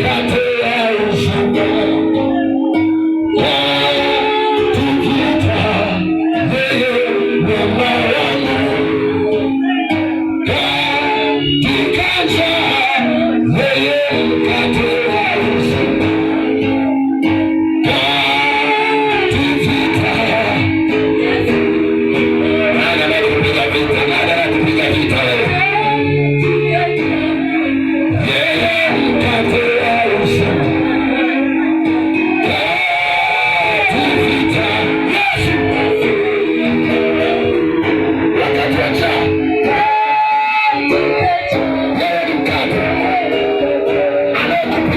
Captain!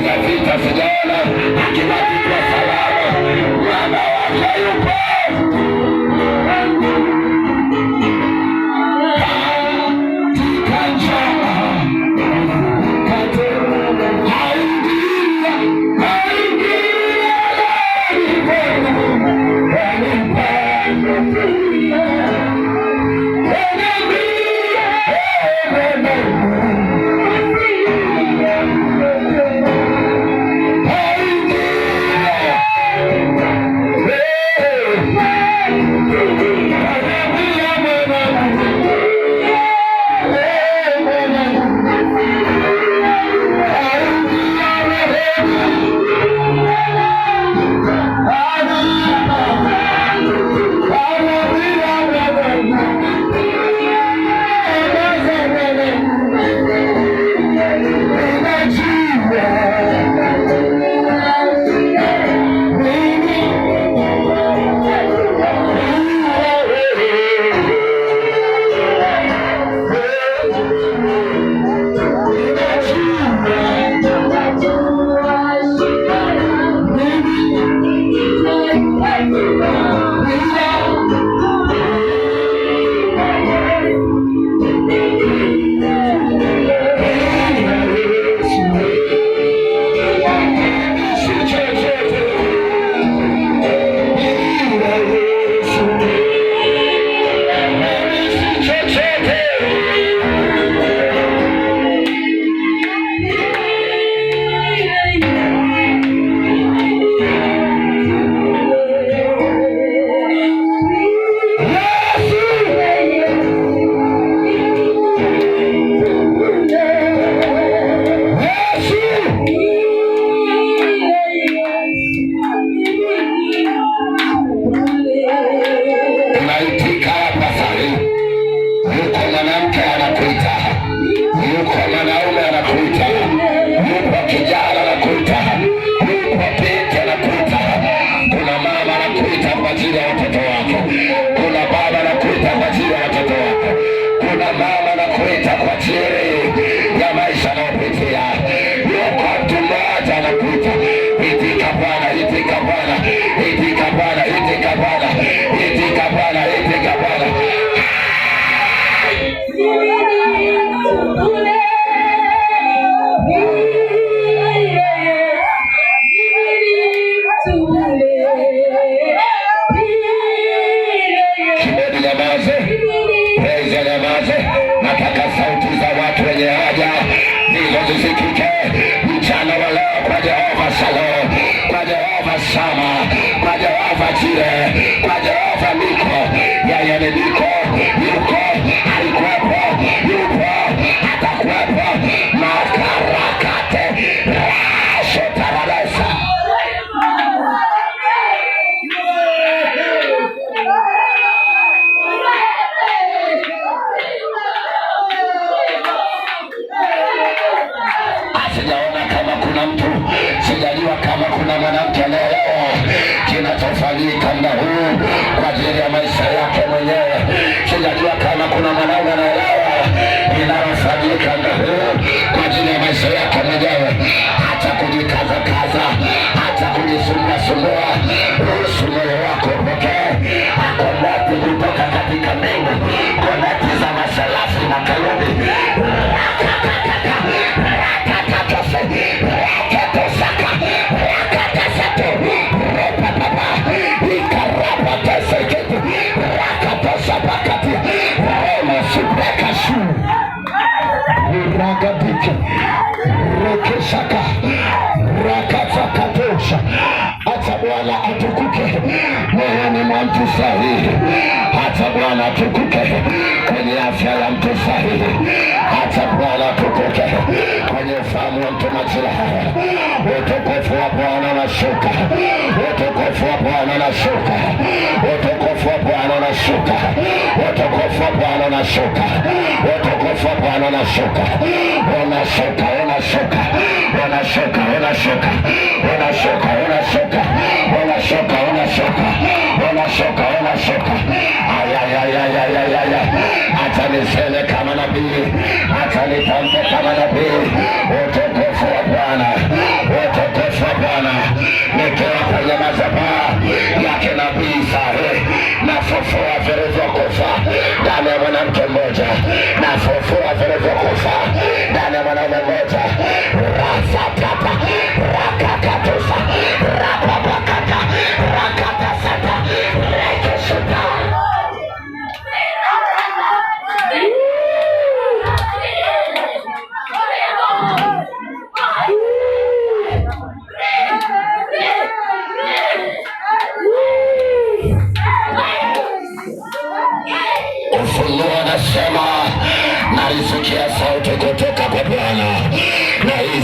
katika vita salama, mwana wake yupo usisikike mchana wa leo kwa Jehova Salo, kwa Jehova Sama, kwa Jehova Jire Acha Bwana atukuke moyoni mwa mtu sahihi. Acha Bwana atukuke kwenye afya ya mtu sahihi. Acha Bwana wenye ufahamu wa mtumaji haya. Utukufu wa Bwana unashuka, utukufu wa Bwana unashuka, utukufu wa Bwana unashuka, utukufu wa Bwana unashuka, utukufu wa Bwana unashuka, unashuka, unashuka, unashuka, unashuka, unashuka, unashuka, unashuka, unashuka, unashuka, unashuka, ayayayaya acha niseme kama nabii, acha nitamke kama nabii. Utukufu wa Bwana, utukufu wa Bwana. Nikiwa kwenye madhabahu ya kinabii sare, nafufua vilivyokufa ndani ya mwanamke mmoja, nafufua vilivyokufa ndani ya mwanaume mmoja. rasatata raka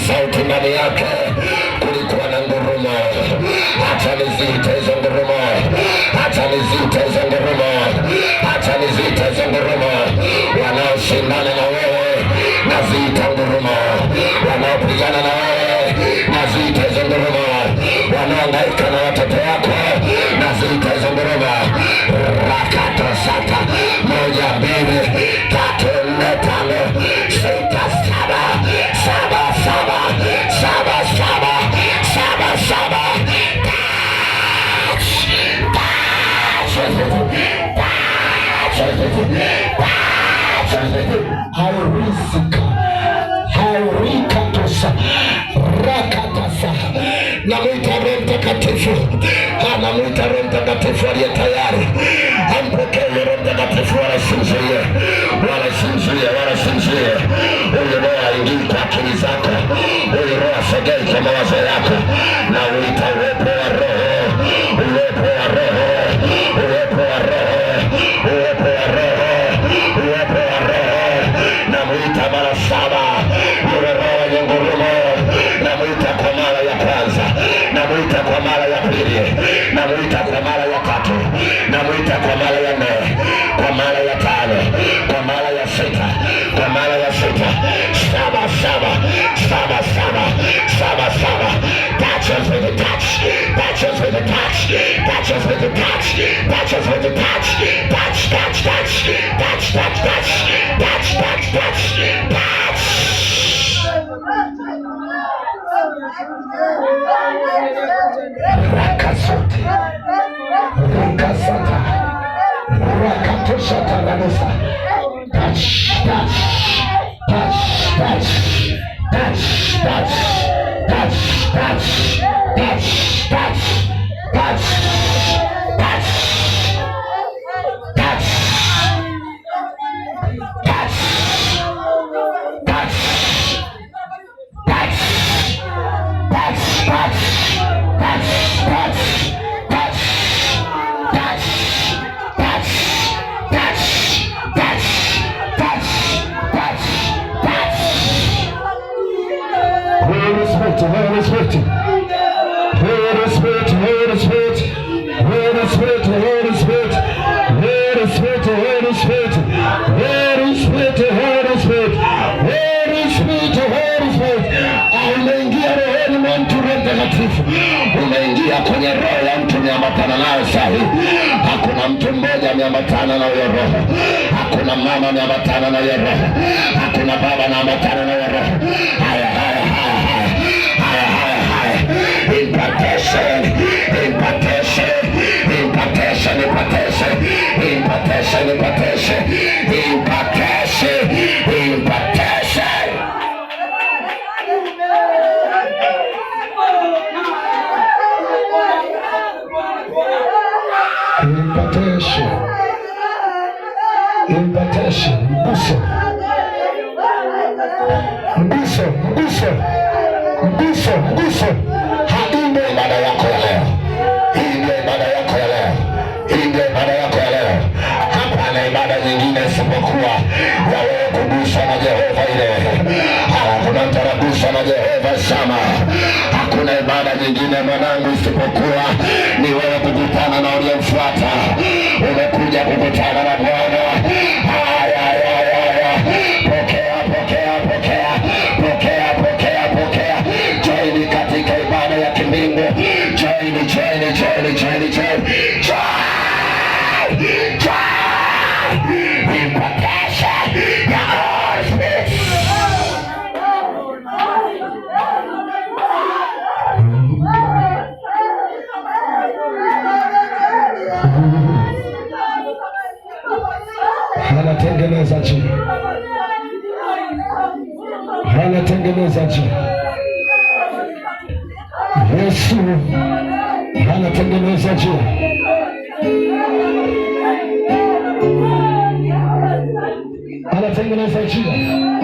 sauti ndani yake, kulikuwa na ngurumo. Hata nizite hizo ngurumo, hata nizite hizo ngurumo, hata nizite hizo ngurumo. Wanaoshindana na wewe naziita ngurumo, wanaopigana na wewe naziita hizo ngurumo, wanaohangaika na watoto wako naziita hizo ngurumo. rakata sata Mtakatifu anamwita Roho Mtakatifu aliye tayari. Ampokee Roho Mtakatifu, wala sinzie, wala sinzie, wala sinzie. Huyu Roho aingii kwa akili zako, huyu Roho asogei kwa mawazo yako, na uita uwepo wa Roho, uwepo wa Roho, uwepo wa Roho, uwepo wa Roho, uwepo wa Roho. Namwita mara saba yule Roho wenye ngurumo, namwita kwa mara pili, namwita kwa mara ya tatu, namwita kwa mara ya nne, kwa mara ya tano, kwa mara ya sita, kwa mara ya sita, saba saba saba saba saba saba Touch with a touch, touch with a touch, touch with a touch, touch with a touch, touch, touch, touch, touch, touch, touch, touch, touch, touch, touch. Right. Rakasata, rakatoshata Touch, touch, touch, touch, touch, touch, touch, touch. Spirit, Holy Spirit, Holy Spirit, Holy Spirit, ah, umeingia rohoni mwa mtu mtakatifu, umeingia kwenye roho ya mtu miambatana nayo sahi. Hakuna mtu mmoja miambatana na hiyo roho, hakuna mama miambatana na hiyo roho, hakuna baba naambatana na hiyo roho. Haya. Embatece, embatece, embatece, embatece, embatece, embatece, embatece, embatece. Embatece, embatece, embatece. Mguso, mguso, mguso, mguso. kuwa wewe kuguswa na Jehova ile. Hakuna mtaraguswa na Jehova sama. Hakuna ibada nyingine mwanangu, isipokuwa ni wewe kukutana na uliyemfuata. Umekuja kukutana na Bwana. Join, join, join, join, join. anatengeneza njia. Yesu anatengeneza njia. Anatengeneza njia.